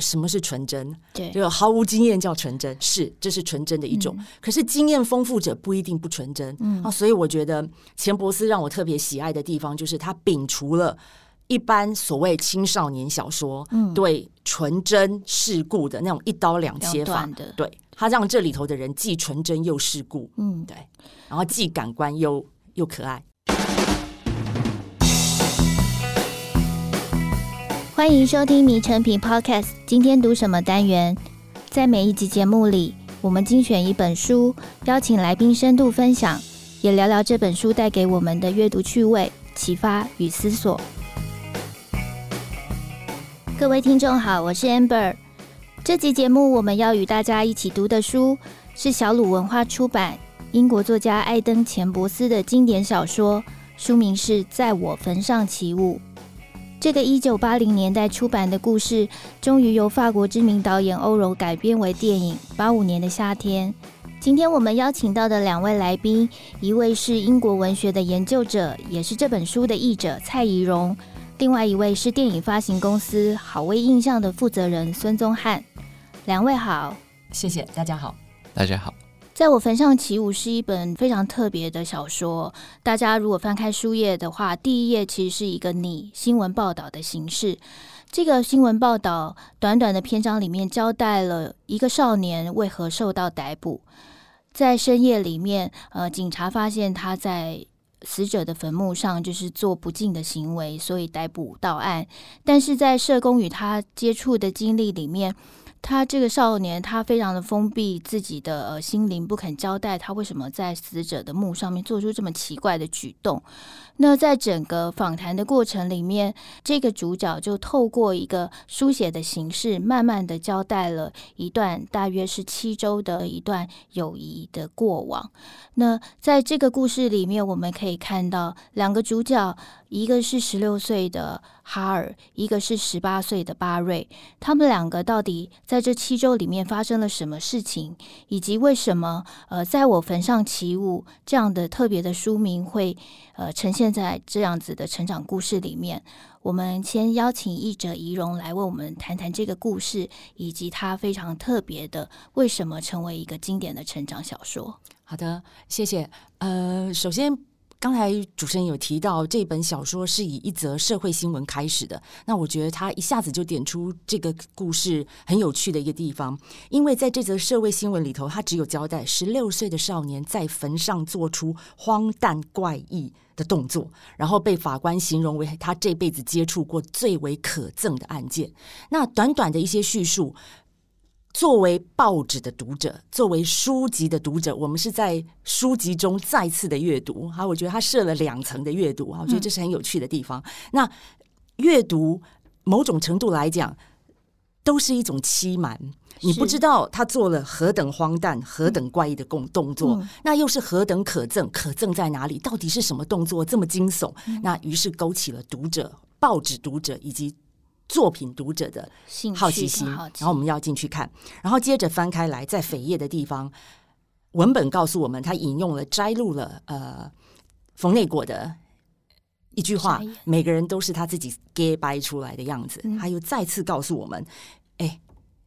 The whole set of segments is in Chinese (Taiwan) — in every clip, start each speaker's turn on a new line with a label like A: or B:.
A: 什麼是純真？對，就毫無經驗叫純真，是，這是純真的一種。嗯、可是經驗豐富者不一定不純真，嗯、啊，所以我覺得錢伯斯讓我特別喜愛的地方，就是他摒除了一般所謂青少年小說，嗯，對，純真世故的那種一刀兩切法。嗯、的對，他讓這裡頭的人既純真又世故，嗯，對，然後既感官又又可愛。
B: 歡迎收聽《迷誠品 Podcast》。今天讀什麼單元，在每一集節目裡，我們精選一本書，邀請來賓深度分享，也聊聊這本書帶給我們的閱讀趣味、啟發與思索。各位聽眾好，我是 Amber。這集節目我們要與大家一起讀的書是小魯文化出版英國作家艾登錢伯斯的經典小說，書名是《在我墳上起舞》。這個一九八零年代出版的故事，終於由法國知名導演歐容改編為電影《八五年的夏天》。今天我們邀請到的兩位來賓，一位是英國文學的研究者，也是這本書的譯者蔡宜容；另外一位是電影發行公司好威映象的負責人孫宗瀚。兩位好，謝謝。大家好，
C: 大家好。
B: 在我墳上起舞，是一本非常特別的小說。大家如果翻開書頁的話，第一頁其實是一個擬新聞報道的形式。這個新聞報道短短的篇章裡面交代了一個少年為何受到逮捕。在深夜裡面，呃，警察發現他在死者的墳墓上就是做不敬的行為，所以逮捕到案。但是在社工與他接觸的經歷裡面。他這個少年，他非常的封閉自己的心靈，不肯交代他為什麼在死者的墓上面做出這麼奇怪的舉動。那在整個訪談的過程裡面，這個主角就透過一個書寫的形式，慢慢的交代了一段大約是七周的一段友誼的過往。那在這個故事裡面，我們可以看到兩個主角。一個是十六歲的哈爾，一個是十八歲的巴瑞，他們兩個到底在這七周裡面發生了什麼事情，以及為什麼呃，在我墳上起舞這樣的特別的書名會呃呈現在這樣子的成長故事裡面？我們先邀請譯者宜容來為我們談談這個故事，以及他非常特別的為什麼成為一個經典的成長小說。好的，謝謝。呃，首先。剛才主持人有提到，這本小說
A: 是以一則社會新聞開始的。那我覺得他一下子就點出這個故事很有趣的一個地方，因為在這則社會新聞裡頭，他只有交代十六歲的少年在墳上做出荒誕怪異的動作，然後被法官形容為他這輩子接觸過最為可憎的案件。那短短的一些敘述。作為報紙的讀者，作為書籍的讀者，我們是在書籍中再次的閱讀。哈，我覺得他設了兩層的閱讀，哈，我覺得這是很有趣的地方。嗯、那閱讀某種程度來講，都是一種欺瞞，是你不知道他做了何等荒誕、何等怪異的動動作，嗯、那又是何等可憎？可憎在哪裡？到底是什麼動作這麼驚悚？嗯、那於是勾起了讀者、報紙讀者以及。作品讀者的好奇心，奇然後我們要進去看，然後接着翻開來，在扉頁的地方，文本告訴我們，他引用了、摘錄了呃馮內果的一句話：“眼每個人都是他自己假掰出來的樣子。嗯”他又再次告訴我們：“哎，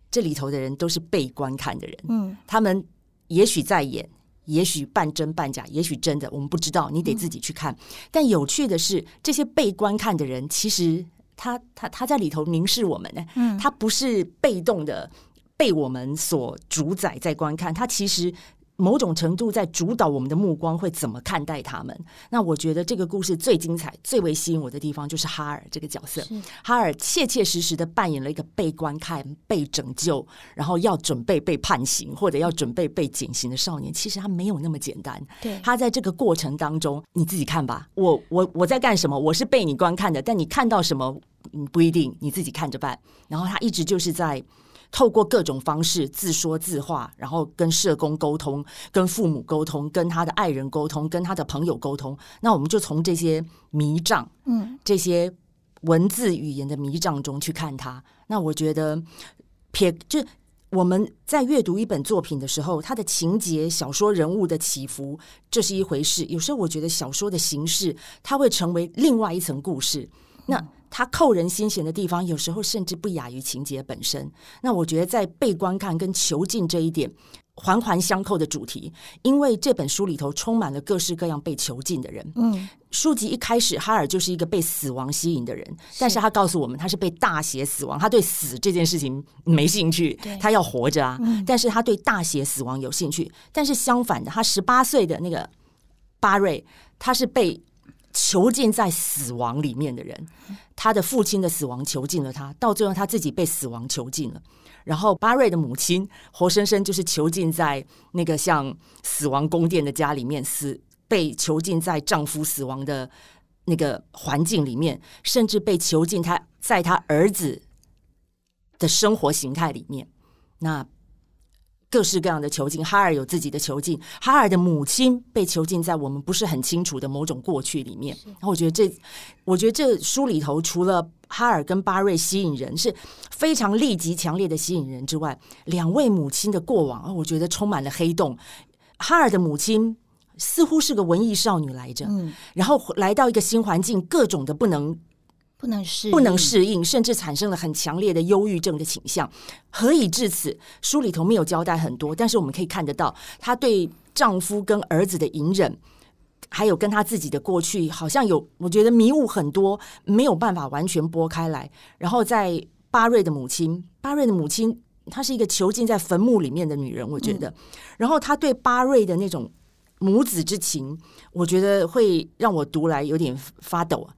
A: 這裡頭的人都是被觀看的人。”嗯，他們也許在演，也許半真半假，也許真的，我們不知道，你得自己去看。嗯、但有趣的是，這些被觀看的人其實。他他他在裡頭凝視我們呢，嗯、他不是被動的被我們所主宰在觀看，他其實某種程度在主導我們的目光會怎麼看待他們。那我覺得這個故事最精彩、最為吸引我的地方就是哈爾這個角色。是哈爾切切實實的扮演了一個被觀看、被拯救，然後要準備被判刑或者要準備被減刑的少年。其實他沒有那麼簡單。對，他在這個過程當中，你自己看吧。我我我在幹什麼？我是被你觀看的，但你看到什麼？嗯，不一定，你自己看着辦。然後他一直就是在透過各種方式自說自話，然後跟社工溝通，跟父母溝通，跟他的愛人溝通，跟他的朋友溝通。那我們就從這些迷障，嗯，這些文字語言的迷障中去看他。嗯、那我覺得，撇就我們在閱讀一本作品的時候，它的情節、小說人物的起伏，這是一回事。有時候我覺得小說的形式，它會成為另外一層故事。那、嗯他扣人心弦的地方，有時候甚至不亞於情節本身。那我覺得，在被觀看跟囚禁這一點環環相扣的主題，因為這本書裡頭充滿了各式各樣被囚禁的人。嗯，書籍一開始，哈爾就是一個被死亡吸引的人，是但是他告訴我們，他是被大寫死亡，他對死這件事情沒興趣，對他要活着啊。嗯、但是他對大寫死亡有興趣。但是相反的，他十八歲的那個巴瑞，他是被。囚禁在死亡裡面的人，他的父親的死亡囚禁了他，到最後他自己被死亡囚禁了。然後巴瑞的母親活生生就是囚禁在那個像死亡宮殿的家裡面死，死被囚禁在丈夫死亡的那個環境裡面，甚至被囚禁在他在他兒子的生活形態裡面。那。各式各樣的囚禁，哈爾有自己的囚禁，哈爾的母親被囚禁在我們不是很清楚的某種過去裡面。然後我覺得這，我覺得這書裡頭除了哈爾跟巴瑞吸引人是非常立即強烈的吸引人之外，兩位母親的過往啊，我覺得充滿了黑洞。哈爾的母親似乎是個文藝少女來着，然後來到一個新環境，各種的不能。
B: 不能適，不能適
A: 應，甚至產生了很強烈的憂鬱症的傾向。何以至此？書裡頭沒有交代很多，但是我們可以看得到，她對丈夫跟兒子的隱忍，還有跟她自己的過去，好像有，我覺得迷霧很多，沒有辦法完全撥開來。然後在巴瑞的母親，巴瑞的母親，她是一個囚禁在墳墓裡面的女人，我覺得。嗯、然後她對巴瑞的那種母子之情，我覺得會讓我讀來有點發抖。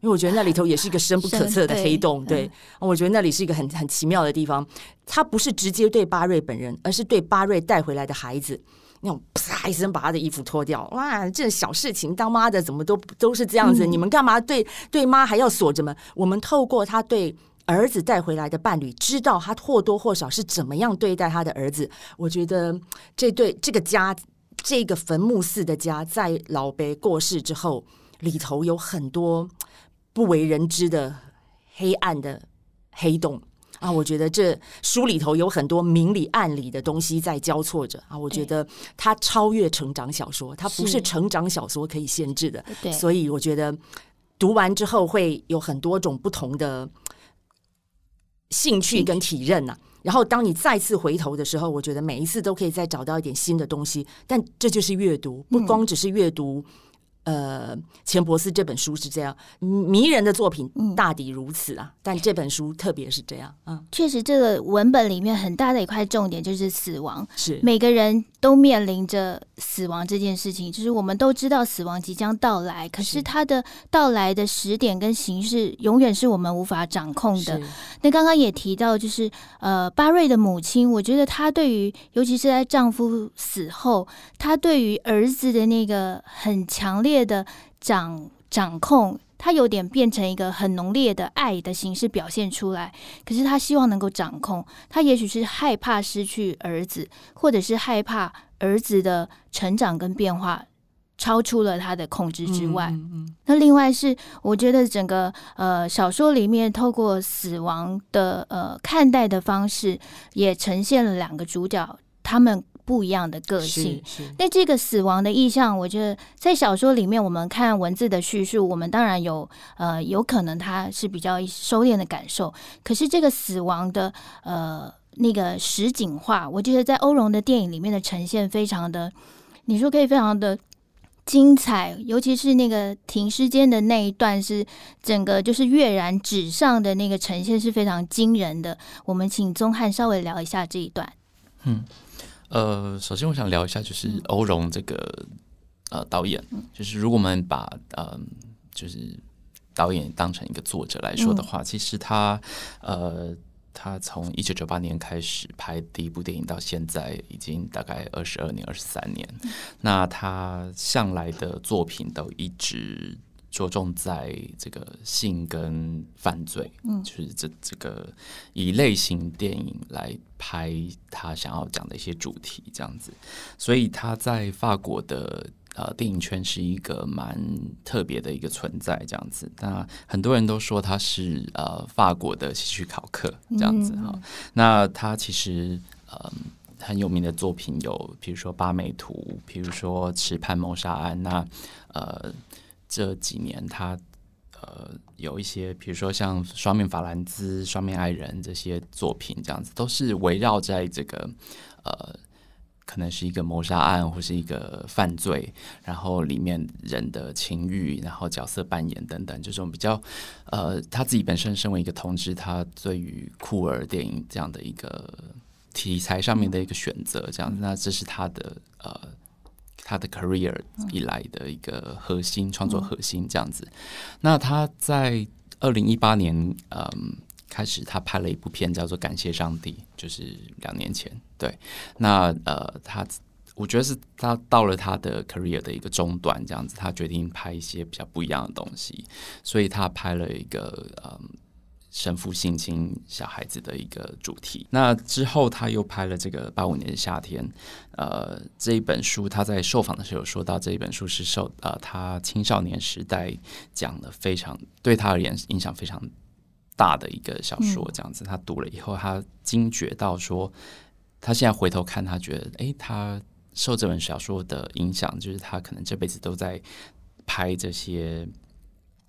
A: 因為我覺得那裡頭也是一個深不可測的黑洞，嗯、對，對嗯、我覺得那裡是一個很很奇妙的地方。他不是直接對巴瑞本人，而是對巴瑞帶回來的孩子，那種啪一聲把他的衣服脫掉，哇，這小事情，當媽的怎麼都都是這樣子？嗯、你們幹嘛對對媽還要鎖着門？我們透過他對兒子帶回來的伴侶，知道他或多或少是怎麼樣對待他的兒子。我覺得這對這個家，這個墳墓似的家，在老貝過世之後，裡頭有很多，不為人知的黑暗的黑洞啊！我覺得這書裡頭有很多明裡暗裡的東西在交錯着啊！我覺得它超越成長小說，它不是成長小說可以限制的。對，所以我覺得讀完之後會有很多種不同的興趣跟體認吶啊。然後當你再次回頭的時候，我覺得每一次都可以再找到一點新的東西。但這就是閱讀，不光只是閱讀。嗯呃，錢伯斯這本書是這樣迷人的作品，大抵如此啊。嗯、但這本書特別是這樣，嗯，
B: 確實，這個文本裡面很大的一塊重點就是死亡，是每個人都面臨着死亡這件事情，就是我們都知道死亡即將到來，可是他的到來的時點跟形式永遠是我們無法掌控的。是那剛剛也提到，就是呃，巴瑞的母親，我覺得她對於尤其是在丈夫死後，她對於兒子的那個很強烈。烈的掌掌控，他有點變成一個很濃烈的愛的形式表現出來。可是他希望能夠掌控，他也許是害怕失去兒子，或者是害怕兒子的成長跟變化超出了他的控制之外。嗯嗯嗯、那另外是，我覺得整個呃小說裡面透過死亡的呃看待的方式，也呈現了兩個主角他們。不一樣的個性。是。那這個死亡的意象，我覺得在小說裡面，我們看文字的敘述，我們當然有呃，有可能它是比較收斂的感受。可是這個死亡的呃那個實景化，我覺得在歐容的電影裡面的呈現非常的，你說可以非常的精彩，尤其是那個停屍間的那一段，是整個就是躍然紙上的那個呈現是非常驚人的。我們請宗瀚稍微聊一下這一段。嗯。
C: 呃，首先我想聊一下，就是歐容這個、嗯、呃導演，就是如果我們把嗯、呃，就是導演當成一個作者來說的話，嗯、其實他呃他從一九九八年開始拍第一部電影到現在，已經大概二十二年、二十三年，嗯、那他向來的作品都一直着重在這個性跟犯罪，嗯、就是這這個以類型電影來拍他想要講的一些主題這樣子，所以他在法國的呃電影圈是一個蠻特別的一個存在這樣子。那很多人都說他是呃法國的希區考克這樣子哈。那他其實呃很有名的作品有，比如說《八美圖》，比如說《池畔謀殺案》那，那呃。這幾年他，他呃有一些，比如說像《雙面法蘭茲》《雙面愛人》這些作品，這樣子都是圍繞在這個呃，可能是一個謀殺案或是一個犯罪，然後裡面人的情慾，然後角色扮演等等，這種比較呃，他自己本身身為一個同志，他對於酷兒電影這樣的一個題材上面的一個選擇，這樣子，那這是他的呃。他的 career 以來的一個核心、嗯、創作核心這樣子，那他在二零一八年，嗯，開始他拍了一部片叫做《感謝上帝》，就是兩年前。對，那呃，他我覺得是他到了他的 career 的一個中段這樣子，他決定拍一些比較不一樣的東西，所以他拍了一個嗯。神父性侵小孩子的一個主題。那之後，他又拍了這個《八五年的夏天》。呃，這一本書，他在受訪的時候說到，這一本書是受呃他青少年時代講的非常對他而言影響非常大的一個小說。嗯、這樣子，他讀了以後，他驚覺到說，他現在回頭看他覺得，哎，他受這本小說的影響，就是他可能這輩子都在拍這些。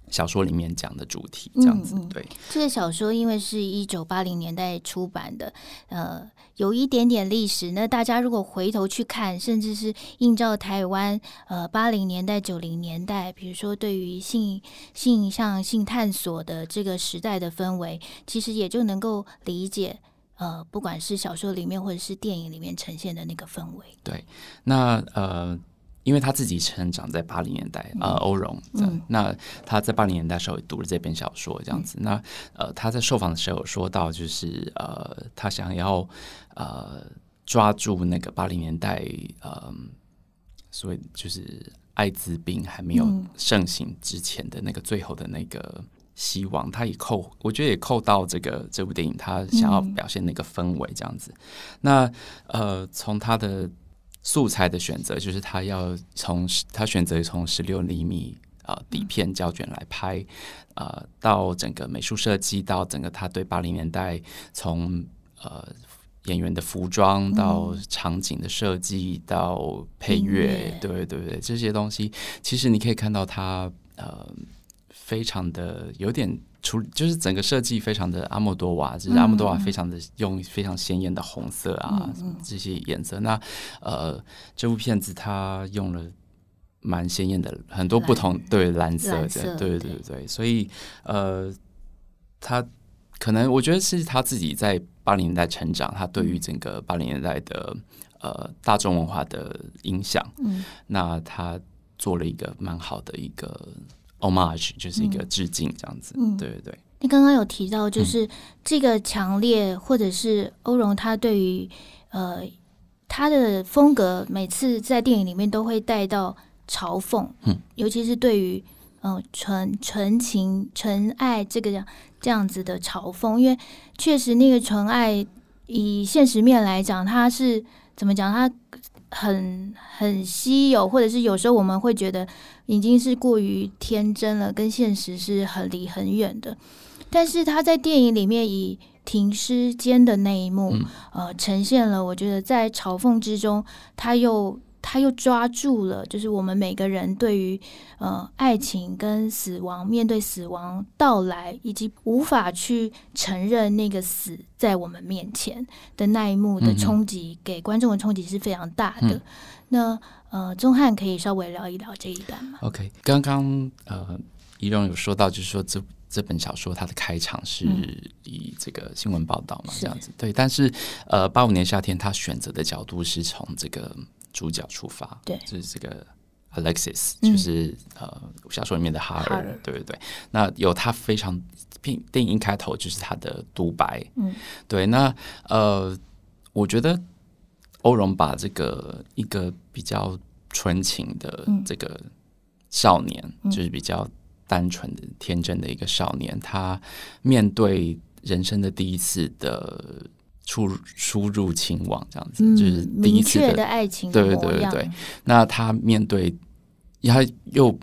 C: 小說裡面講的主題這樣子，對、嗯嗯。
B: 這個小說因為是一九八零年代出版的，呃，有一點點歷史。那大家如果回頭去看，甚至是映照台灣，呃，八零年代、九零年代，比如說對於性、性向、性探索的這個時代的氛圍，其實也就能夠理解，呃，不管是小說裡面或者是電影裡面呈現的那個氛圍。
C: 對，那呃。因為他自己成長在八零年代，呃，mm hmm. 歐容，mm hmm. 那他在八零年代時候也讀了這本小說，這樣子。Mm hmm. 那呃，他在受訪的時候有說到，就是呃，他想要呃抓住那個八零年代，呃，所以就是艾滋病還沒有盛行之前的那個最後的那個希望。Mm hmm. 他也扣，我覺得也扣到這個這部電影他想要表現那個氛圍這樣子。Mm hmm. 那呃，從他的。素材的選擇，就是他要從他選擇從十六釐米啊、呃、底片膠卷來拍，啊、呃，到整個美術設計，到整個他對八零年代從呃演員的服裝到場景的設計到配樂，嗯、對對對，這些東西，其實你可以看到他呃非常的有點。除就是整個設計非常的阿莫多瓦，就是阿莫多瓦非常的用非常鮮豔的紅色啊，嗯嗯嗯嗯嗯嗯嗯，這些顏色。那呃，這部片子它用了蠻鮮豔的很多不同藍，對藍色的，對，對對對，對，所以呃，他可能我覺得是他自己在八零年代成長，他對於整個八零年代的呃大眾文化的影響，嗯嗯嗯，那他做了一個蠻好的一個。哦 Hommage 就是一個致敬這樣子，嗯、對對對。
B: 你剛剛有提到，就是、嗯、這個強烈，或者是歐容他對於呃他的風格，每次在電影裡面都會帶到嘲諷，嗯、尤其是對於嗯純純情純愛這個樣這樣子的嘲諷，因為確實那個純愛以現實面來講，他是怎麼講他。很很稀有，或者是有時候我們會覺得已經是過於天真了，跟現實是很離很遠的。但是他在電影裡面以停屍間的那一幕呃，嗯、呃，呈現了我覺得在嘲諷之中，他又。他又抓住了，就是我們每個人對於呃愛情跟死亡，面對死亡到來以及無法去承認那個死在我們面前的那一幕的衝擊，嗯、哼給觀眾的衝擊是非常大的。嗯、那呃，宗瀚，可以稍微聊一聊這一段嗎？OK，
C: 剛剛呃，宜容有說到，就是說，這這本小說它的開場是以這個新聞報道嘛，嗯、這樣子是對。但是呃，八五年夏天他選擇的角度是從這個。主角出發，對，就是這個 Alexis、嗯、就是呃我小說裡面的哈爾，哈人對不對？那有他非常片電影一開頭就是他的獨白，嗯，對。那呃，我覺得歐容把這個一個比較純情的這個少年，嗯、就是比較單純的、天真的一個少年，他面對人生的第一次的。出出入情網這樣子，嗯、就是第一次的,的愛情，對對對對那他面對他又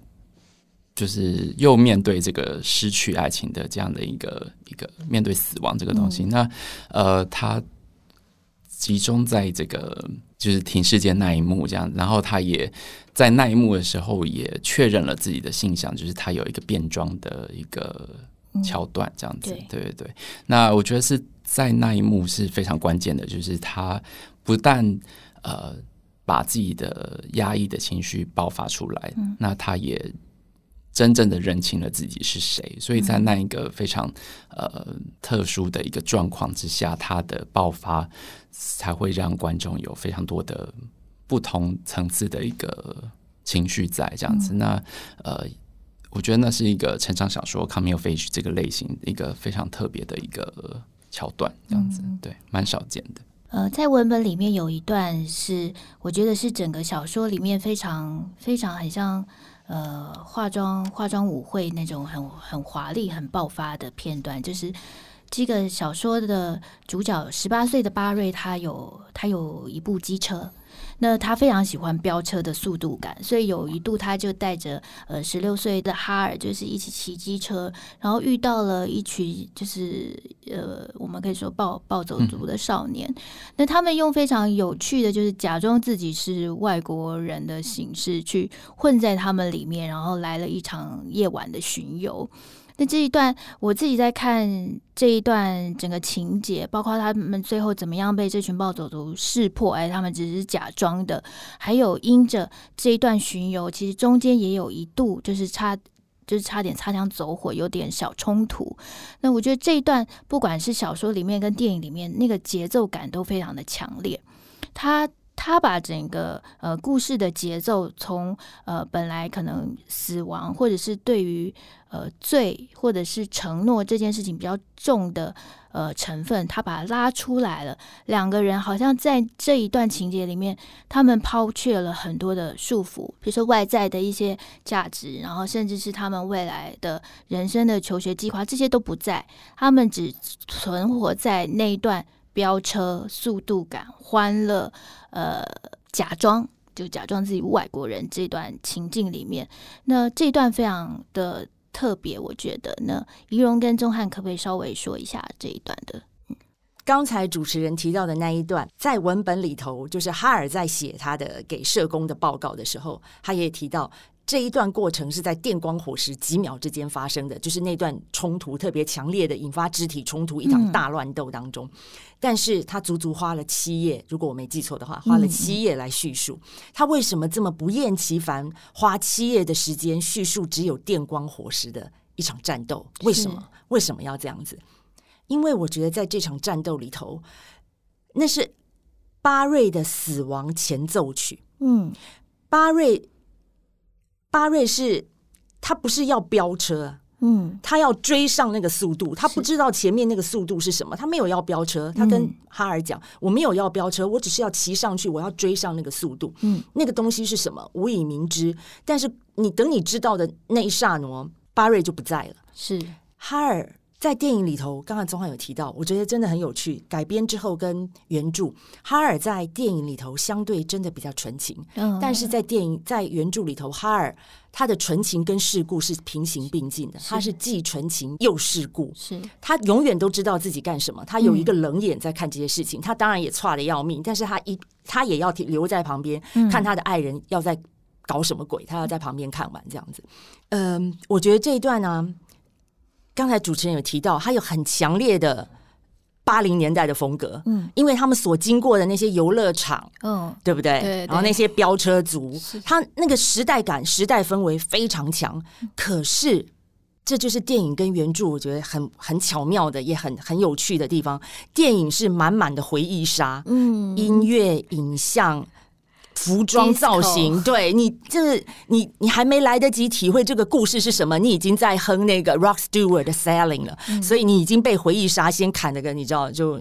C: 就是又面對這個失去愛情的這樣的一個一個面對死亡這個東西。嗯、那呃，他集中在這個就是停屍間那一幕這樣，然後他也在那一幕的時候也確認了自己的性向，就是他有一個變裝的一個橋段這樣子，嗯、對,對對對。那我覺得是。在那一幕是非常關鍵的，就是他不但呃把自己的壓抑的情緒爆發出來，嗯、那他也真正的認清了自己是誰。所以在那一個非常呃特殊的一個狀況之下，他的爆發才會讓觀眾有非常多的不同層次的一個情緒在這樣子。嗯、那呃，我覺得那是一個成長小說《Coming of Age》這個類型一個非常特別的一個。橋段這樣子，嗯、對，蠻少見的。
B: 呃，在文本裡面有一段是，我覺得是整個小說裡面非常非常很像呃，化妝化妝舞會那種很很華麗很爆發的片段，就是這個小說的主角十八歲的巴瑞，他有他有一部機車。那他非常喜歡飆車的速度感，所以有一度他就帶着呃十六歲的哈爾，就是一起騎機車，然後遇到了一群就是呃，我們可以說暴暴走族的少年，嗯。那他們用非常有趣的就是假裝自己是外國人的形式去混在他們裡面，然後來了一場夜晚的巡遊。那這一段我自己在看這一段整個情節，包括他們最後怎麼樣被這群暴走族識破，哎，他們只是假裝的。還有因着這一段巡遊，其實中間也有一度就是差，就是差點擦槍走火，有點小衝突。那我覺得這一段不管是小說裡面跟電影裡面，那個節奏感都非常的強烈。他。他把整個呃故事的節奏從呃本來可能死亡或者是對於呃罪或者是承諾這件事情比較重的呃成分，他把它拉出來了。兩個人好像在這一段情節裡面，他們拋卻了很多的束縛，比如說外在的一些價值，然後甚至是他們未來的人生的求學計劃，這些都不在。他們只存活在那一段。飆車、速度感、歡樂，呃，假裝就假裝自己外國人這段情境裡面，那這段非常的特別，我覺得。呢，宜容跟宗瀚可不可以稍微說一下這一段的？剛才主持人提
A: 到的那一段，在文本裡頭，就是哈爾在寫他的給社工的報告的時候，他也提到。這一段過程是在電光火石幾秒之間發生的，就是那段衝突特別強烈的，引發肢體衝突一場大亂鬥當中。嗯、但是他足足花了七頁，如果我沒記錯的話，花了七頁來敘述、嗯、他為什麼這麼不厭其煩花七頁的時間敘述只有電光火石的一場戰鬥？為什麼？是為什麼要這樣子？因為我覺得在這場戰鬥裡頭，那是巴瑞的死亡前奏曲。
B: 嗯，
A: 巴瑞。巴瑞是他不是要飆車，嗯，他要追上那個速度，他不知道前面那個速度是什麼，他沒有要飆車，他跟哈爾講，我沒有要飆車，我只是要騎上去，我要追上那個速度，嗯，那個東西是什麼，無以名之。但是你等你知道的那一剎那，巴瑞就不在了，是哈爾。在電影裡頭，剛剛宗翰有提到，我覺得真的很有趣。改編之後跟原著，哈爾在電影裡頭相對真的比較純情，嗯、但是在電影在原著裡頭，哈爾他的純情跟世故是平行並進的，是他是既純情又世故，是他永遠都知道自己幹什麼，他有一個冷眼在看這些事情，嗯、他當然也剉得要命，但是他一他也要留在旁邊、嗯、看他的愛人要在搞什麼鬼，他要在旁邊看完這樣子。嗯、呃，我覺得這一段呢、啊。剛才主持人有提到，他有很強烈的八零年代的風格，嗯，因為他們所經過的那些遊樂場，嗯，對不對？對對，然後那些飆車族，他是那個時代感、時代氛圍非常強。是。可是，這就是電影跟原著我覺得很很巧妙的，也很很有趣的地方。電影是滿滿的回憶殺，嗯，音樂、影像。服裝造型，Disco 對你這，就是你，你還沒來得及體會這個故事是什麼，你已經在哼那個 Rod Stewart 的 Sailing 了，mm hmm. 所以你已經被回憶殺先砍了個，你知道就。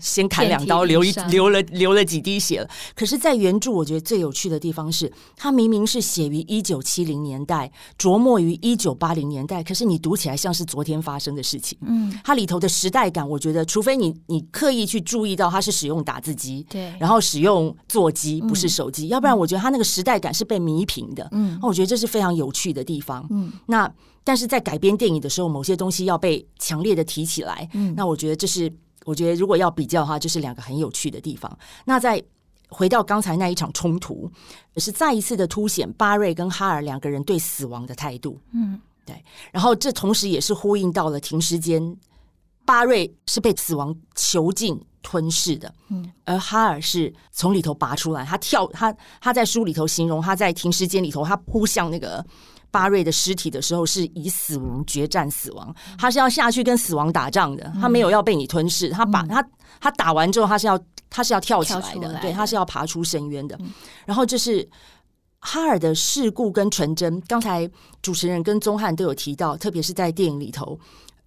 A: 先砍兩刀，流一流了，流了幾滴血了。可是，在原著，我覺得最有趣的地方是，它明明是寫於一九七零年代，琢磨於一九八零年代，可是你讀起來像是昨天發生的事情。嗯，它裡頭的時代感，我覺得，除非你你刻意去注意到它是使用打字機，對，然後使用座機不是手機，要不然我覺得它那個時代感是被彌平的。嗯，那我覺得這是非常有趣的地方。嗯，那但是在改編電影的時候，某些東西要被強烈的提起來。嗯，那我覺得這是。我覺得如果要比較的話，就是兩個很有趣的地方。那再回到剛才那一場衝突，是再一次的凸顯巴瑞跟哈爾兩個人對死亡的態度。嗯，對。然後這同時也是呼應到了停屍間，巴瑞是被死亡囚禁吞噬的，嗯，而哈爾是從裡頭拔出來，他跳他他在書裡頭形容他在停屍間裡頭，他撲向那個。巴瑞的屍體的時候是以死亡決戰死亡，他是要下去跟死亡打仗的，他沒有要被你吞噬，他把他他打完之後他是要他是要跳起來的，對，他是要爬出深淵的。然後就是哈爾的世故跟純真，剛才主持人跟宗瀚都有提到，特別是在電影裡頭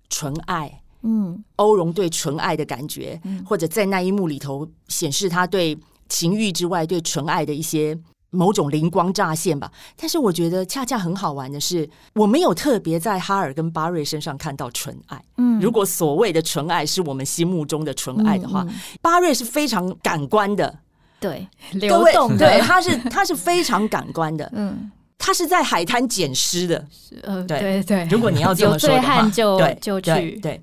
A: 純愛，
B: 嗯，
A: 歐容對純愛的感覺，或者在那一幕裡頭顯示他對情慾之外對純愛的一些。某種靈光乍現吧，但是我覺得恰恰很好玩的是，我沒有特別在哈爾跟巴瑞身上看到純愛。嗯，如果所謂的純愛是我們心目中的純愛的話，巴瑞是非常感官的，
B: 對，
A: 流動，對，他是他是非常感官的，嗯，他是在海灘撿屍的，
B: 對對。如果你要這麼說
A: 的話，就去對。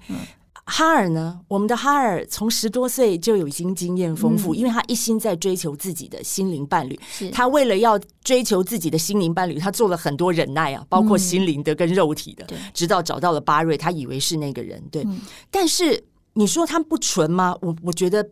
A: 哈爾呢？我們的哈爾從十多歲就有一經經驗豐富，嗯、因為他一心在追求自己的心靈伴侶。是他為了要追求自己的心靈伴侶，他做了很多忍耐啊，包括心靈的跟肉體的，嗯、直到找到了巴瑞，他以為是那個人。對，嗯、但是你說他不純嗎？我我覺得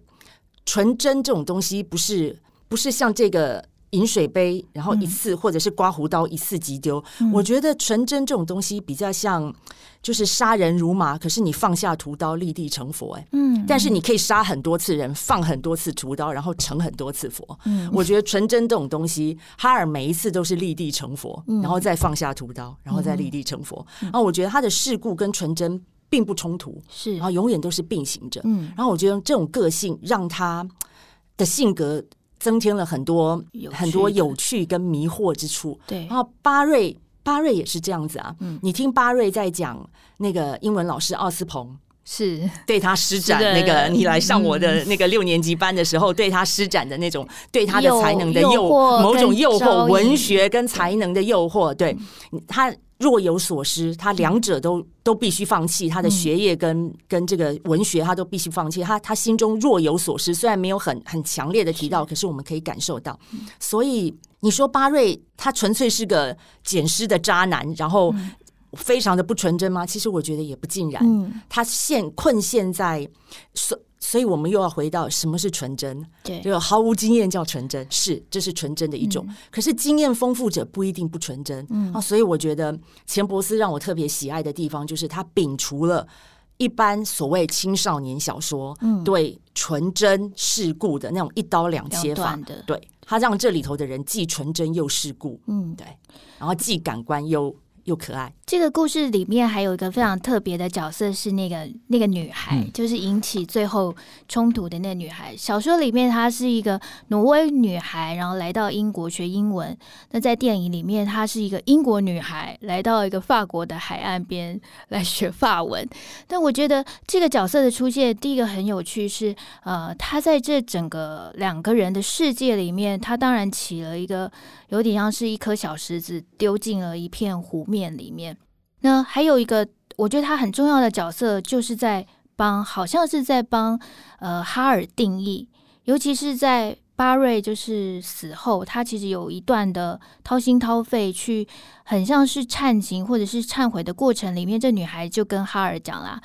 A: 純真這種東西，不是不是像這個。飲水杯，然後一次，或者是刮鬍刀一次即丟。嗯、我覺得純真這種東西比較像，就是殺人如麻，可是你放下屠刀立地成佛。嗯，但是你可以殺很多次人，放很多次屠刀，然後成很多次佛。
B: 嗯，我覺
A: 得純真這種東西，哈爾每一次都是立地成佛，嗯、然後再放下屠刀，然後再立地成佛。嗯、然後我覺得他的世故跟純真並不衝突，是，然後永遠都是並行着。嗯、然後我覺得這種個性，讓他的性格，增添了很多有很多有趣跟迷惑之處，對。然後巴瑞巴瑞也是這樣子啊，嗯，你聽巴瑞在講那個英文老師奧斯鵬，是對他施展那個你來上我的那個六年級班的時候，對他施展的那種對他的才能的誘惑，某種誘惑，文學跟才能的誘惑，對，對他。若有所失，他兩者都、嗯、都必須放棄他的學業跟跟這個文學，他都必須放棄。他他心中若有所失，雖然沒有很很強烈的提到，可是我們可以感受到。嗯、所以你說巴瑞他純粹是個撿屍的渣男，然後非常的不純真嗎？其實我覺得也不盡然。嗯、他陷困陷在所。所以我們又要回到什麼是純真？對，就毫無經驗叫純真，是，這是純真的一種。嗯，可是經驗豐富者不一定不純真。嗯，啊，所以我覺得錢伯斯讓我特別喜愛的地方，就是他摒除了一般所謂青少年小說，嗯，對，純真世故的那種一刀兩切法。的。對，他讓這裡頭的人既純真又世故。嗯，對，然後既感官又。又可愛。
B: 這個故事裡面還有一個非常特別的角色，是那個那個女孩，嗯，就是引起最後衝突的那個女孩。小說裡面她是一個挪威女孩，然後來到英國學英文。那在電影裡面，她是一個英國女孩，來到一個法國的海岸邊來學法文。但我覺得這個角色的出現，第一個很有趣是，呃，她在這整個兩個人的世界裡面，她當然起了一個有點像是一顆小石子丟進了一片湖面。面裡面，那還有一個我覺得他很重要的角色，就是在幫，好像是在幫呃哈爾定義，尤其是在巴瑞就是死後，他其實有一段的掏心掏肺去，很像是懺情或者是懺悔的過程裡面，這女孩就跟哈爾講啦。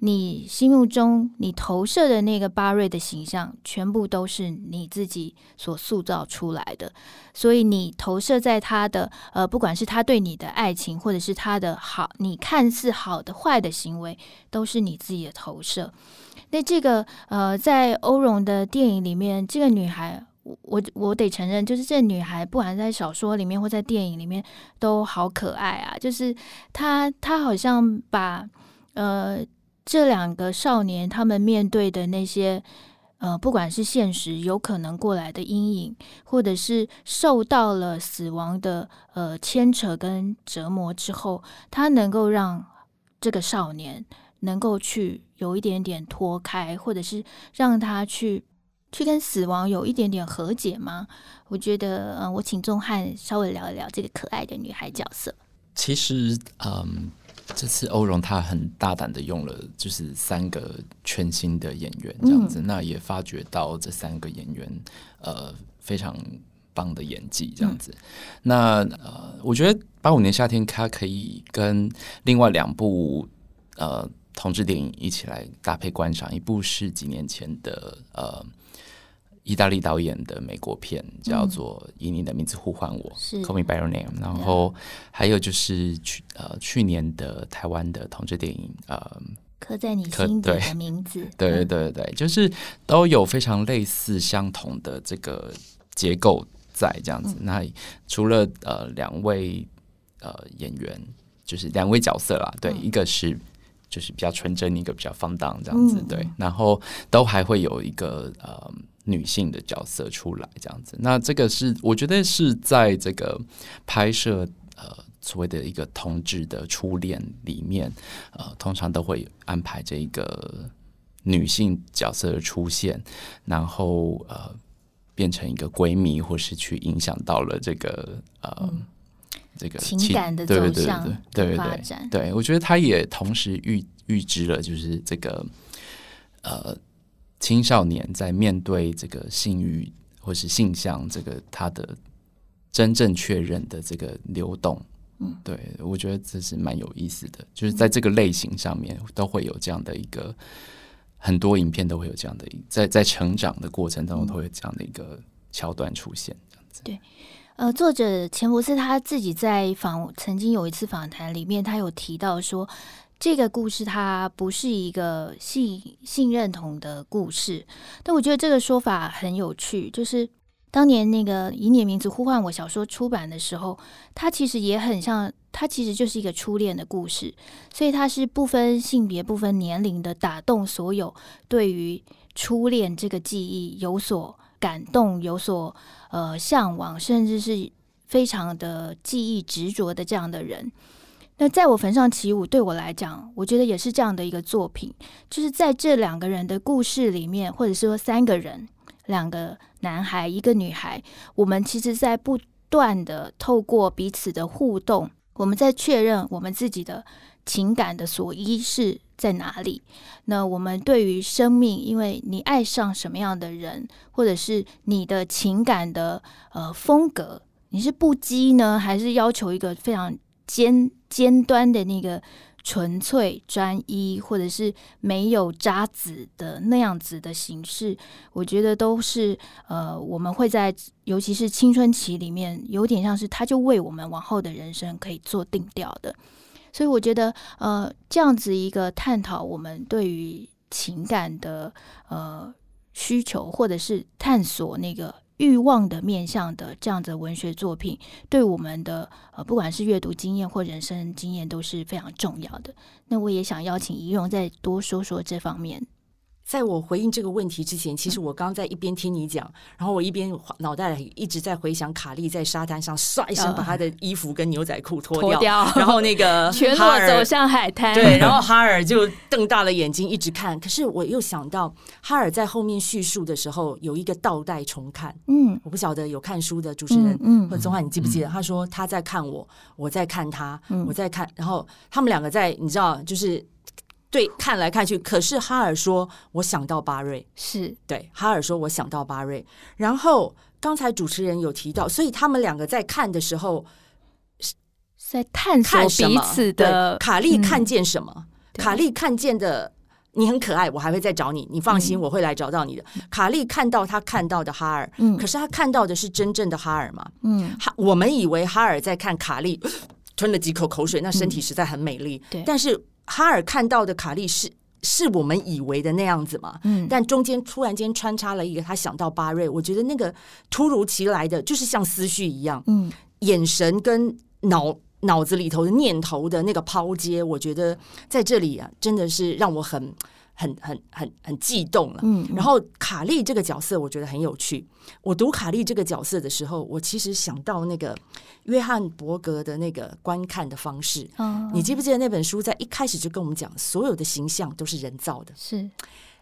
B: 你心目中你投射的那個巴瑞的形象，全部都是你自己所塑造出來的。所以你投射在他的呃，不管是他對你的愛情，或者是他的好，你看似好的壞的行為，都是你自己的投射。那這個呃，在歐容的電影裡面，這個女孩，我我得承認，就是這女孩，不管在小說裡面或在電影裡面，都好可愛啊。就是她，她好像把呃。這兩個少年，他們面對的那些，呃，不管是現實有可能過來的陰影，或者是受到了死亡的呃牽扯跟折磨之後，他能夠讓這個少年能夠去有一點點脫開，或者是讓他去去跟死亡有一點點和解嗎？我覺得，嗯、呃，我請宗瀚稍微聊一聊這個可愛的女孩角色。
C: 其實，嗯、um。這次歐容他很大膽的用了，就是三個全新的演員這樣子，嗯、那也發掘到這三個演員呃非常棒的演技這樣子。嗯、那呃，我覺得八五年夏天他可以跟另外兩部呃同志電影一起來搭配觀賞，一部是幾年前的呃。意大利導演的美國片叫做《以你的名字呼喚我》嗯、Call Me by Your Name，嗯、然後還有就是去呃去年的台灣的同志電影，呃，
B: 刻在你心底的名字，對，嗯、
C: 對對對，對就是都有非常類似相同的這個結構在這樣子。嗯、那除了呃兩位呃演員，就是兩位角色啦，對，嗯、一個是就是比較純真，一個比較放蕩這樣子，嗯、對，然後都還會有一個呃。女性的角色出來這樣子，那這個是我覺得是在這個拍攝呃所謂的一個同志的初戀裡面，呃，通常都會安排這個女性角色的出現，然後呃變成一個閨蜜，或是去影響到了這個呃、嗯、這個情感的走向發展。對，我覺得他也同時預預知了，就是這個呃。青少年在面對這個性慾或是性向，這個他的真正確認的這個流動，嗯，對我覺得這是蠻有意思的，就是在這個類型上面都會有這樣的一個，嗯、很多影片都會有這樣的，在在成長的過程當中，都會有這樣的一個橋段出現，嗯、這
B: 樣子。對，呃，作者錢伯斯他自己在訪曾經有一次訪談裡面，他有提到說，這個故事它不是一個性性認同的故事，但我覺得這個說法很有趣。就是當年那個以你的名字呼喚我小說出版的時候，它其實也很像，它其實就是一個初戀的故事，所以它是不分性別、不分年齡的，打動所有對於初戀這個記憶有所感動、有所呃向往，甚至是非常的記憶執着的這樣的人。那在我墳上起舞，對我來講，我覺得也是這樣的一個作品，就是在這兩個人的故事裡面，或者說三個人，兩個男孩，一個女孩，我們其實，在不斷的透過彼此的互動，我們在確認我們自己的情感的所依是在哪裡。那我們對於生命，因為你愛上什麼樣的人，或者是你的情感的呃風格，你是不羈呢，還是要求一個非常。尖尖端的那個純粹專一，或者是沒有渣子的那樣子的形式，我覺得都是呃，我們會在尤其是青春期裡面，有點像是他就為我們往後的人生可以做定調的。所以我覺得呃，這樣子一個探討我們對於情感的呃需求，或者是探索那個。慾望的面向的這樣子的文學作品，對我們的呃，不管是閱讀經驗或人生經驗都是非常重要的。那我也想邀請宜容再多說說這方面。在我回應這個問題之前，其實我剛在一
A: 邊聽你講，嗯、然後我一邊腦袋一直在回想卡利在沙灘上唰一聲把他的衣服跟牛仔褲脫掉，脫掉，然後那個全裸走向海灘。對，然後哈爾就瞪大了眼睛一直看。嗯、可是我又想到哈爾在後面敘述的時候有一個倒帶重看。嗯，我不曉得有看書的主持人嗯，嗯或者宗瀚你記不記得？嗯、他說他在看我，我在看他，嗯、我在看，然後他們兩個在你知道就是。對，看來看去，可是哈爾說：“我想到巴瑞。”是。對，哈爾說：“我想到巴瑞。”然後剛才主持人有提到，所以他們兩個在看的時候，是在探索彼此的。卡利看見什麼？嗯、卡利看見的，你很可愛，我還會再找你。你放心，嗯、我會來找到你的。卡利看到他看到的哈爾，嗯、可是他看到的是真正的哈爾嘛？嗯，哈，我們以為哈爾在看卡利，吞了幾口口水，那身體實在很美麗。嗯、對，但是。哈爾看到的卡莉是是我們以為的那樣子嘛？嗯，但中間突然間穿插了一個他想到巴瑞，我覺得那個突如其來的，就是像思緒一樣，嗯，眼神跟腦腦子裡頭的念頭的那個拋接，我覺得在這裡啊，真的是讓我很。很很很很激動了，嗯，然後卡莉這個角色我覺得很有趣。我讀卡莉這個角色的時候，我其實想到那個約翰伯格的那個觀看的方式。嗯，你記不記得那本書在一開始就跟我們講，所有的形象都是人造的？是。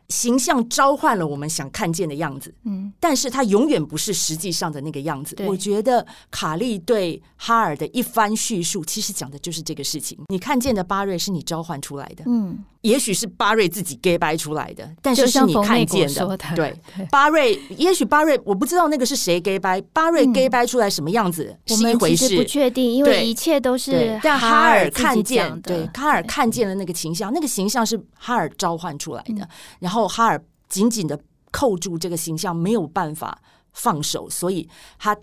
A: 形象召喚了我們想看見的樣子，嗯，但是它永遠不是實際上的那個樣子。我覺得卡利對哈爾的一番敘述，其實講的就是這個事情。你看見的巴瑞是你召喚出來的，嗯，也許是巴瑞自己給掰出來的，但是是你看見的。對，巴瑞，也許巴瑞我不知道那個是誰給掰，巴瑞給掰出來什麼樣子是一回事，我們不確定，因為一切都是讓哈爾看見。對，哈爾看見了那個形象，那個形象是哈爾召喚出來的，然後。然後哈爾緊緊的扣住這個形象，沒有辦法放手，所以他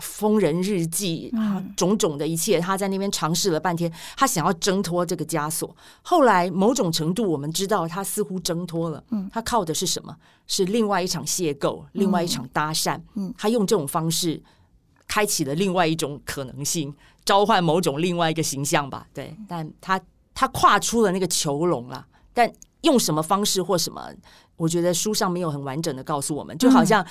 A: 瘋人日記、嗯、種種的一切，他在那邊嘗試了半天，他想要掙脫這個枷鎖。後來某種程度，我們知道他似乎掙脫了，嗯、他靠的是什麼？是另外一場邂逅，另外一場搭訕，嗯、他用這種方式開啟了另外一種可能性，召喚某種另外一個形象吧？對，但他他跨出了那個囚籠了，但。用什麼方式或什麼？我覺得書上沒有很完整的告訴我們，就好像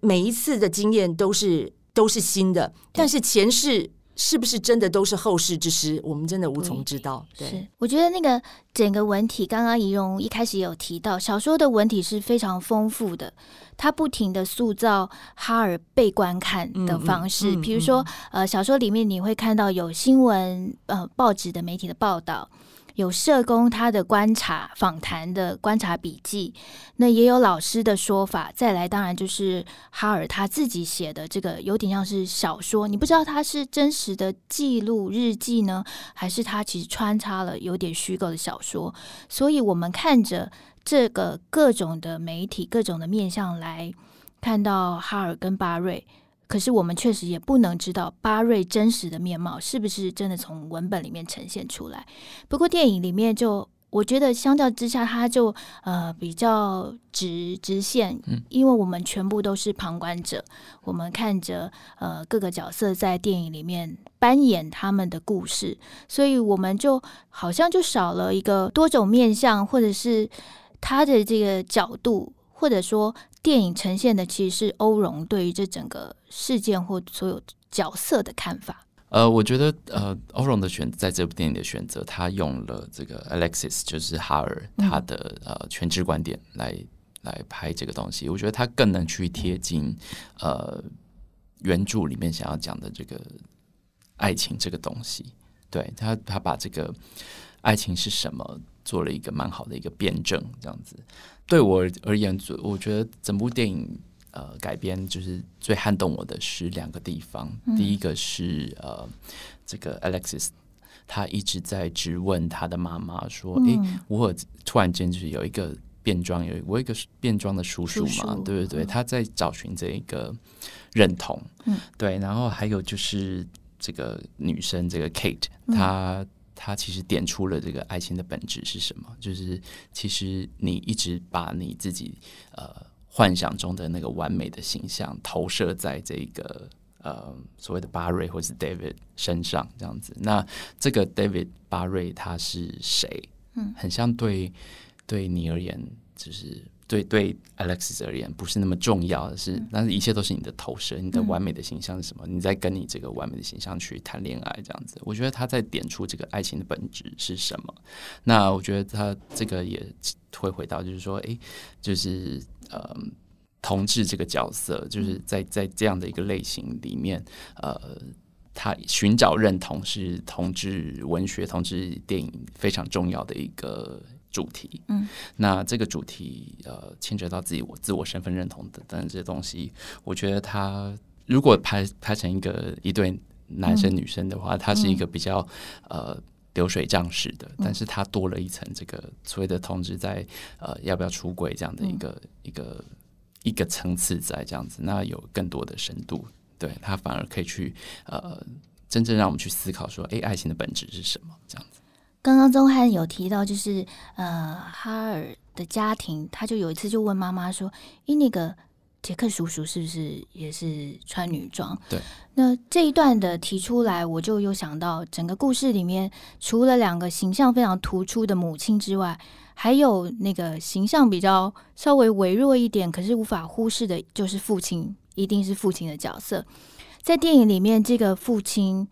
A: 每一次的經驗都是、嗯、都是新的，但是前世是不是真的都是後世之師，我們真的無從知道。對，對，
B: 我覺得那個整個文體，剛剛宜容一開始有提到，小說的文體是非常豐富的，它不停的塑造哈爾被觀看的方式，比、嗯嗯嗯嗯、如說，呃，小說裡面你會看到有新聞、呃，報紙的媒體的報道。有社工他的觀察訪談的觀察筆記，那也有老師的說法，再來當然就是哈爾他自己寫的這個有點像是小說，你不知道他是真實的記錄日記呢，還是他其實穿插了有點虛構的小說，所以我們看着這個各種的媒體、各種的面向來看到哈爾跟巴瑞。可是我們確實也不能知道巴瑞真實的面貌，是不是真的從文本裡面呈現出來。不過電影裡面，就我覺得相較之下，他就呃比較直直線，嗯，因為我們全部都是旁觀者，我們看着呃各個角色在電影裡面扮演他們的故事，所以我們就好像就少了一個多種面向，或者是他的這個角度，或者說電影呈現的其實是歐容對於這整個。事件或所有角色的看法。
C: 呃，我覺得，呃，歐容的選在這部電影的選擇，他用了這個 Alexis，就是哈爾，嗯、他的呃全知觀點來來拍這個東西。我覺得他更能去貼近、嗯、呃原著裡面想要講的這個愛情這個東西。對他，他把這個愛情是什麼做了一個蠻好的一個辯證，這樣子。對我而言，我覺得整部電影。呃，改編就是最撼動我的是兩個地方。嗯、第一個是呃，這個 Alexis，他一直在質問他的媽媽說：“哎、嗯欸，我突然間就是有一個變裝，有一我有一個變裝的叔叔嘛，叔叔對不對，對？他在找尋這一個認同。”嗯，對。然後還有就是這個女生，這個 Kate，她、嗯、她其實點出了這個愛情的本質是什麼，就是其實你一直把你自己呃。幻想中的那個完美的形象投射在這個呃所謂的巴瑞或是 David 身上，這樣子。那這個 David 巴瑞他是誰？嗯，很像對對你而言就是。對對，Alexis 而言不是那麼重要的是，嗯、但是一切都是你的投射，你的完美的形象是什麼？嗯、你在跟你這個完美的形象去談戀愛這樣子，我覺得他在點出這個愛情的本質是什麼。那我覺得他這個也會回到，就是說，哎，就是呃，同志這個角色就是在在這樣的一個類型裡面，呃，他尋找認同是同志文學、同志電影非常重要的一個。主題，嗯，那這個主題，呃，牽扯到自己我自我身份認同的，等等這些東西，我覺得他如果拍拍成一個一對男生、嗯、女生的話，它是一個比較呃流水賬式的，但是它多了一層這個所謂的同志在呃要不要出櫃這樣的一個、嗯、一個一個層次在這樣子，那有更多的深度，對，他反而可以去呃真正讓我們去思考說，哎，愛情的本質是什麼這樣子。
B: 剛剛宗瀚有提到，就是呃，哈爾的家庭，他就有一次就問媽媽說：“咦、欸，那個傑克叔叔是不是也是穿女裝？”對。那這一段的提出來，我就又想到整個故事裡面，除了兩個形象非常突出的母親之外，還有那個形象比較稍微微弱一點，可是無法忽視的，就是父親，一定是父親的角色。在電影裡面，這個父親，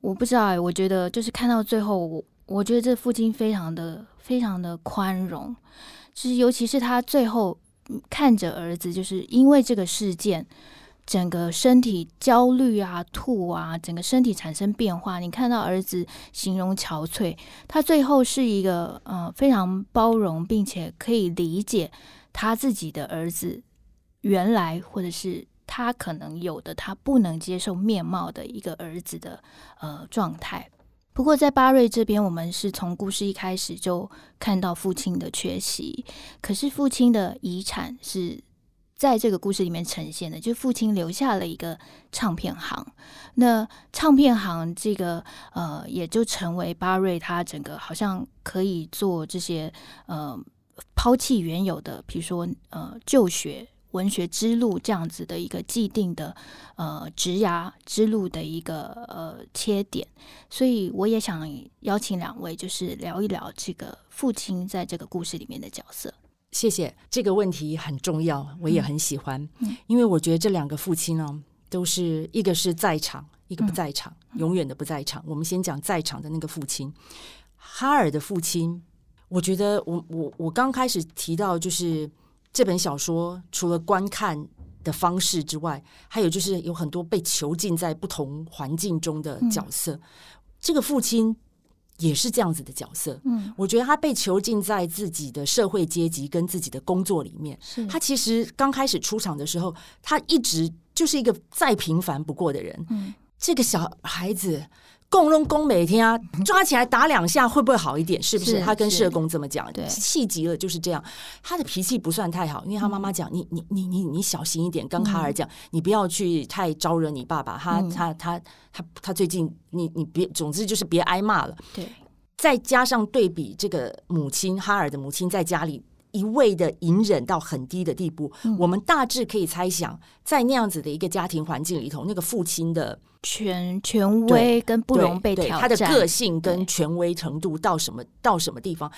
B: 我不知道、欸，我覺得就是看到最後我。我覺得這父親非常的非常的寬容，就是尤其是他最後看着兒子，就是因為這個事件，整個身體焦慮啊、吐啊，整個身體產生變化。你看到兒子形容憔悴，他最後是一個呃非常包容，並且可以理解他自己的兒子原來或者是他可能有的他不能接受面貌的一個兒子的呃狀態。不過，在巴瑞這邊，我們是從故事一開始就看到父親的缺席。可是，父親的遺產是在這個故事裡面呈現的，就父親留下了一個唱片行。那唱片行這個呃，也就成為巴瑞他整個好像可以做這些呃拋棄原有的，比如說呃，就學。文學之路這樣子的一個既定的呃職涯之路的一個呃切點，所以我也想邀請兩位，就是聊一聊這個父親在這個故事裡面的角色。
A: 謝謝。這個問題很重要，我也很喜歡，嗯、因為我覺得這兩個父親呢、哦，都是一個是在場，一個不在場，嗯、永遠的不在場。我們先講在場的那個父親，哈爾的父親。我覺得我我我剛開始提到就是。這本小說除了觀看的方式之外，還有就是有很多被囚禁在不同環境中的角色。嗯，這個父親也是這樣子的角色。嗯，我覺得他被囚禁在自己的社會階級跟自己的工作裡面。是他其實剛開始出場的時候，他一直就是一個再平凡不過的人。嗯，這個小孩子。共用工每天啊，抓起來打兩下會不會好一點？是不是他跟社工這麼講？的。對。氣急了就是這樣。他的脾氣不算太好，因為他媽媽講：“嗯、你你你你你小心一點。”跟哈爾講：“嗯、你不要去太招惹你爸爸，他、嗯、他他他他最近你你別，總之就是別挨罵了。”
B: 對。
A: 再加上對比這個母親哈爾的母親在家裡一味的隱忍到很低的地步，嗯、我們大致可以猜想，在那樣子的一個家庭環境裡頭，那個父親的。權
B: 權威跟不容被挑戰，對對對，他的個
A: 性跟權威程度到什麼對到什麼地方，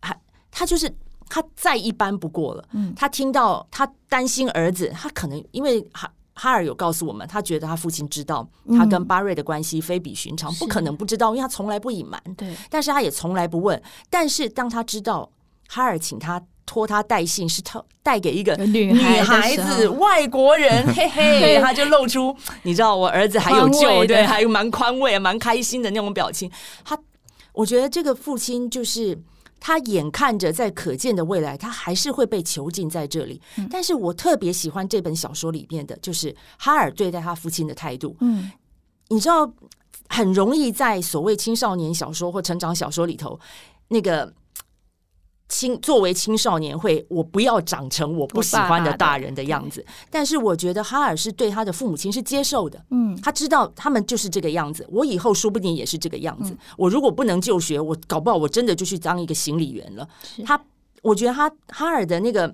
A: 他他就是他再一般不過了。嗯、他聽到他擔心兒子，他可能因為哈哈爾有告訴我們，他覺得他父親知道他跟巴瑞的關係非比尋常，嗯、不可能不知道，啊、因為他從來不隱瞞。對但是他也從來不問。但是當他知道哈爾請他。託他帶信，是他帶給一個女孩子，孩外國人， 嘿嘿，他就露出，你知道，我兒子還有救，對，還蠻寬慰、蠻開心的那種表情。他，我覺得這個父親就是他眼看着在可見的未來，他還是會被囚禁在這裡。嗯，但是我特別喜歡這本小說裡面的就是哈爾對待他父親的態度。嗯，你知道很容易在所謂青少年小說或成長小說裡頭那個。青作為青少年會，會，我不要長成我不喜歡的大人的樣子。但是我覺得哈爾是對他的父母親是接受的。嗯，他知道他們就是這個樣子，我以後說不定也是這個樣子。嗯、我如果不能就學，我搞不好我真的就去當一個行李員了。是他，我覺得他哈爾的那個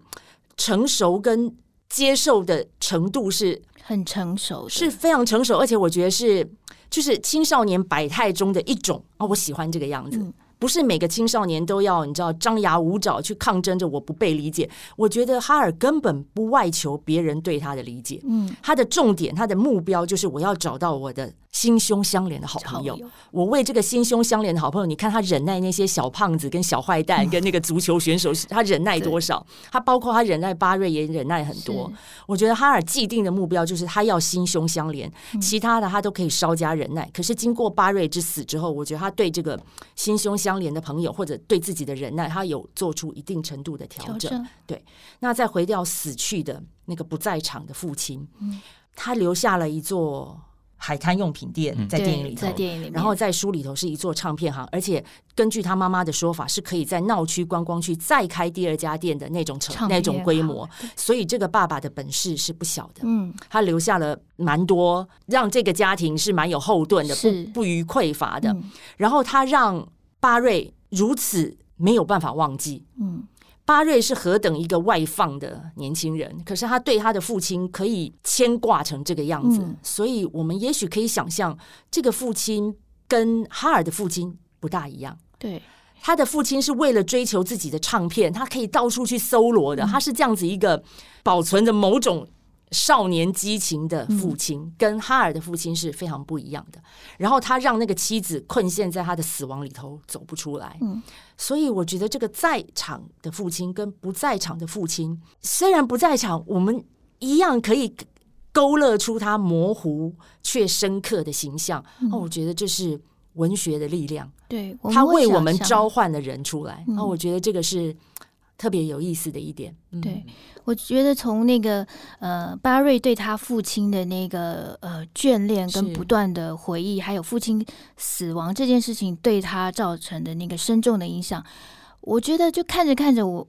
A: 成熟跟接受的程度是很成熟，是非常成熟，而且我覺得是就是青少年百態中的一種啊、哦，我喜歡這個樣子。嗯不是每個青少年都要你知道張牙舞爪去抗爭着我不被理解。我覺得哈爾根本不外求別人對他的理解，嗯，他的重點，他的目標就是我要找到我的。心胸相連的好朋友。友，我為這個心胸相連的好朋友，你看他忍耐那些小胖子、跟小壞蛋、跟那個足球選手，嗯、他忍耐多少？對他包括他忍耐巴瑞也忍耐很多。是我覺得哈爾既定的目標就是他要心胸相連，嗯、其他的他都可以稍加忍耐。可是經過巴瑞之死之後，我覺得他對這個心胸相連的朋友或者對自己的忍耐，他有做出一定程度的調整。整對，那再回到死去的那個不在場的父親，嗯、他留下了一座。海灘用品店在電影裡頭，嗯、在電影裡面，然後在書裡頭是一座唱片行，而且根據他媽媽的說法，是可以在鬧區觀光區再開第二家店的那種成唱片 那種規模，嗯、所以這個爸爸的本事是不小的。嗯，他留下了蠻多，讓這個家庭是蠻有後盾的，是不不虞匱乏的。嗯、然後他讓巴瑞如此沒有辦法忘記。嗯。巴瑞是何等一個外放的年輕人，可是他對他的父親可以牽掛成這個樣子，嗯、所以我們也許可以想象，這個父親跟哈爾的父親不大一樣。對，他的父親是為了追求自己的唱片，他可以到處去搜羅的，嗯、他是這樣子一個保存着某種。少年激情的父親跟哈爾的父親是非常不一樣的。然後他讓那個妻子困陷在他的死亡裡頭走不出來。所以我覺得這個在場的父親跟不在場的父親，雖然不在場，我們一樣可以勾勒出他模糊卻深刻的形象。我覺得這是文學的力量。
B: 對，他為我們召
A: 喚的人出來。那我覺得這個是。特別有意思的一點，嗯、
B: 對，我覺得從那個呃，巴瑞對他父親的那個呃眷戀跟不斷的回憶，是還有父親死亡這件事情對他造成的那個深重的影響，我覺得就看着看着我。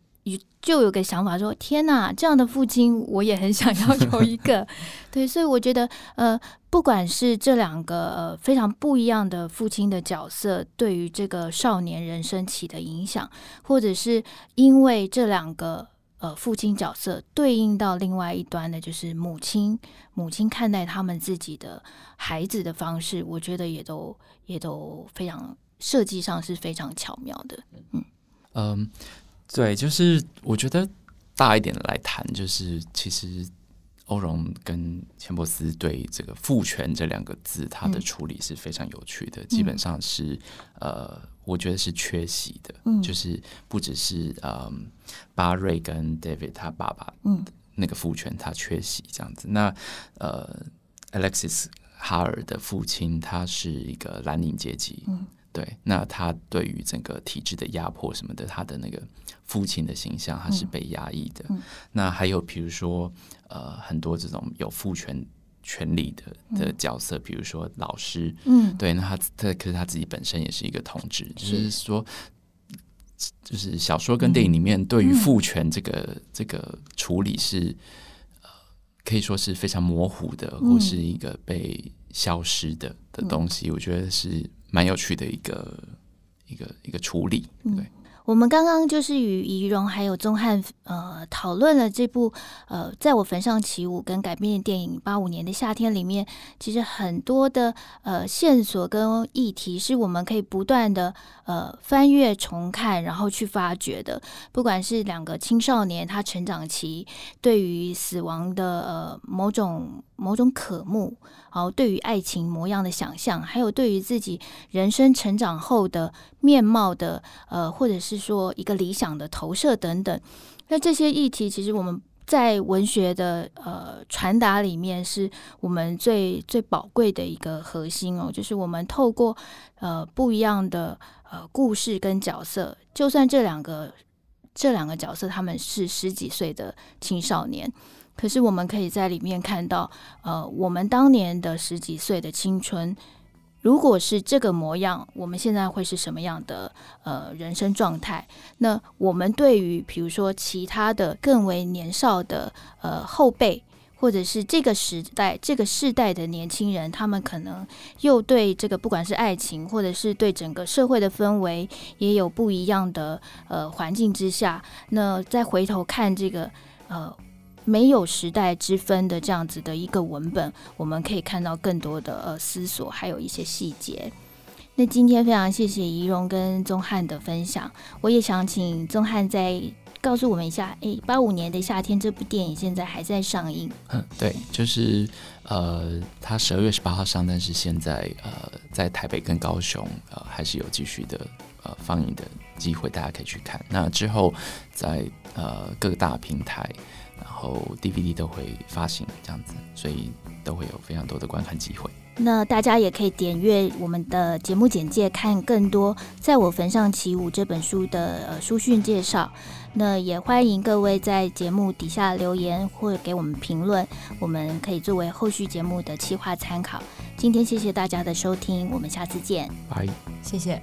B: 就有個想法說，說天哪，啊，這樣的父親我也很想要有一個。 對，所以我覺得，呃，不管是這兩個呃非常不一樣的父親的角色，對於這個少年人生起的影響，或者是因為這兩個呃父親角色對應到另外一端的，就是母親，母親看待他們自己的孩子的方式，我覺得也都也都非常設計上是非常巧妙的。嗯嗯。
C: Um, 對，就是我覺得大一點來談，就是其實歐容跟錢伯斯對這個父權這兩個字，他的處理是非常有趣的。嗯、基本上是、嗯、呃，我覺得是缺席的，嗯、就是不只是嗯，巴、呃、瑞跟 David 他爸爸，那個父權他缺席這樣子。嗯、那呃，Alexis 哈爾、er、的父親，他是一個藍領階級，嗯對，那他對於整個體制的壓迫什麼的，他的那個父親的形象，他是被壓抑的。嗯嗯、那還有比如說，呃，很多這種有父權權利的、嗯、的角色，比如說老師，嗯，對，那他他可是他自己本身也是一個同志，嗯、就是說，就是小說跟電影裡面對於父權這個、嗯嗯、這個處理是、呃，可以說是非常模糊的，或是一個被消失的、嗯、的東西。我覺得是。蠻有趣的一個一個一個處理，對。嗯、
B: 我們剛剛就是與宜容還有宗瀚呃討論了這部呃《在我墳上起舞》跟改編的電影《八五年的夏天》裡面，其實很多的呃線索跟議題是我們可以不斷的呃翻閱重看，然後去發掘的。不管是兩個青少年他成長期對於死亡的呃某種某種渴慕。好，然後對於愛情模樣的想象還有對於自己人生成長後的面貌的，呃，或者是說一個理想的投射等等，那這些議題其實我們在文學的呃傳達裡面，是我們最最寶貴的一個核心哦，就是我們透過呃不一樣的呃故事跟角色，就算這兩個這兩個角色他們是十幾歲的青少年。可是我們可以在裡面看到，呃，我們當年的十幾歲的青春，如果是這個模樣，我們現在會是什麼樣的呃人生狀態？那我們對於比如說其他的更為年少的呃後輩，或者是這個時代這個世代的年輕人，他們可能又對這個不管是愛情，或者是對整個社會的氛圍，也有不一樣的呃環境之下，那再回頭看這個呃，沒有時代之分的這樣子的一個文本，我們可以看到更多的呃思索，還有一些細節。那今天非常謝謝宜容跟宗瀚的分享，我也想請宗瀚再告訴我們一下，誒、欸，八五年的夏天這部電影現在還在上映？
C: 嗯，對，就是呃，他十二月十八號上，但是現在呃，在台北跟高雄呃還是有繼續的呃放映的機會，大家可以去看。那之後在呃各大平台。哦，DVD 都會發行這樣子，所以都會有非常多的觀看機會。
B: 那大家也可以點閱我們的節目簡介，看更多《在我墳上起舞》這本書的呃書訊介紹。那也歡迎各位在節目底下留言或給我們評論，我們可以作為後續節目的企劃參考。今天謝謝大家的收聽，我們下次見，拜，Bye. 謝謝。